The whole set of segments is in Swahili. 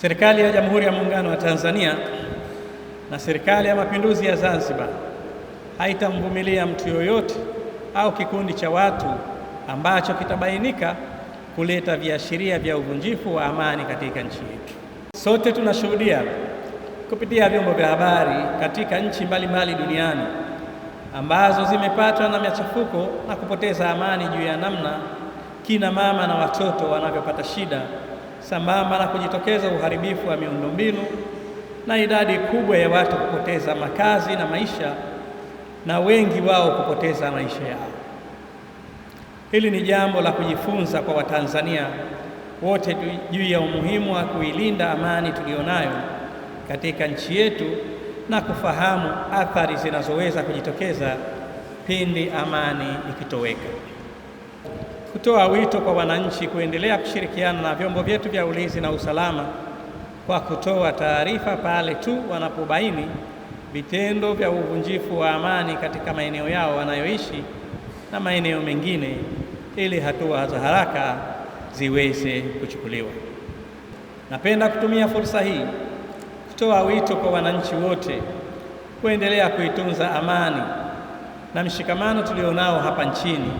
Serikali ya Jamhuri ya Muungano wa Tanzania na Serikali ya Mapinduzi ya Zanzibar haitamvumilia mtu yoyote au kikundi cha watu ambacho kitabainika kuleta viashiria vya uvunjifu wa amani katika nchi yetu. Sote tunashuhudia kupitia vyombo vya habari katika nchi mbalimbali duniani ambazo zimepatwa na machafuko na kupoteza amani juu ya namna kina mama na watoto wanavyopata shida sambamba na kujitokeza uharibifu wa miundombinu na idadi kubwa ya watu kupoteza makazi na maisha na wengi wao kupoteza maisha yao. Hili ni jambo la kujifunza kwa Watanzania wote juu ya umuhimu wa kuilinda amani tuliyonayo katika nchi yetu na kufahamu athari zinazoweza kujitokeza pindi amani ikitoweka kutoa wito kwa wananchi kuendelea kushirikiana na vyombo vyetu vya ulinzi na usalama kwa kutoa taarifa pale tu wanapobaini vitendo vya uvunjifu wa amani katika maeneo yao wanayoishi na maeneo mengine ili hatua za haraka ziweze kuchukuliwa. Napenda kutumia fursa hii kutoa wito kwa wananchi wote kuendelea kuitunza amani na mshikamano tulionao hapa nchini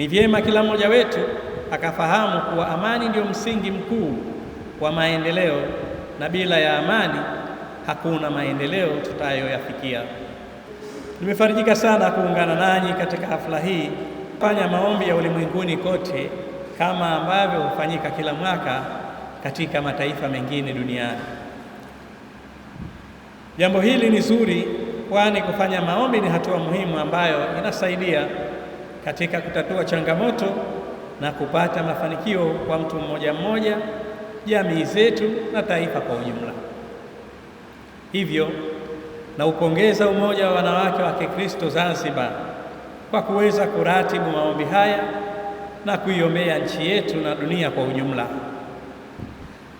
ni vyema kila mmoja wetu akafahamu kuwa amani ndiyo msingi mkuu wa maendeleo, na bila ya amani hakuna maendeleo tutayoyafikia. Nimefarijika sana kuungana nanyi katika hafla hii fanya maombi ya ulimwenguni kote kama ambavyo hufanyika kila mwaka katika mataifa mengine duniani. Jambo hili ni zuri, kwani kufanya maombi ni hatua muhimu ambayo inasaidia katika kutatua changamoto na kupata mafanikio kwa mtu mmoja mmoja, jamii zetu na taifa kwa ujumla. Hivyo naupongeza Umoja wa Wanawake wa Kikristo Zanzibar kwa kuweza kuratibu maombi haya na kuiombea nchi yetu na dunia kwa ujumla.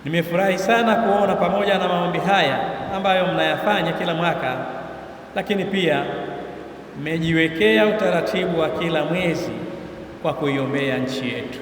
Nimefurahi sana kuona pamoja na maombi haya ambayo mnayafanya kila mwaka, lakini pia mmejiwekea utaratibu wa kila mwezi kwa kuiombea nchi yetu.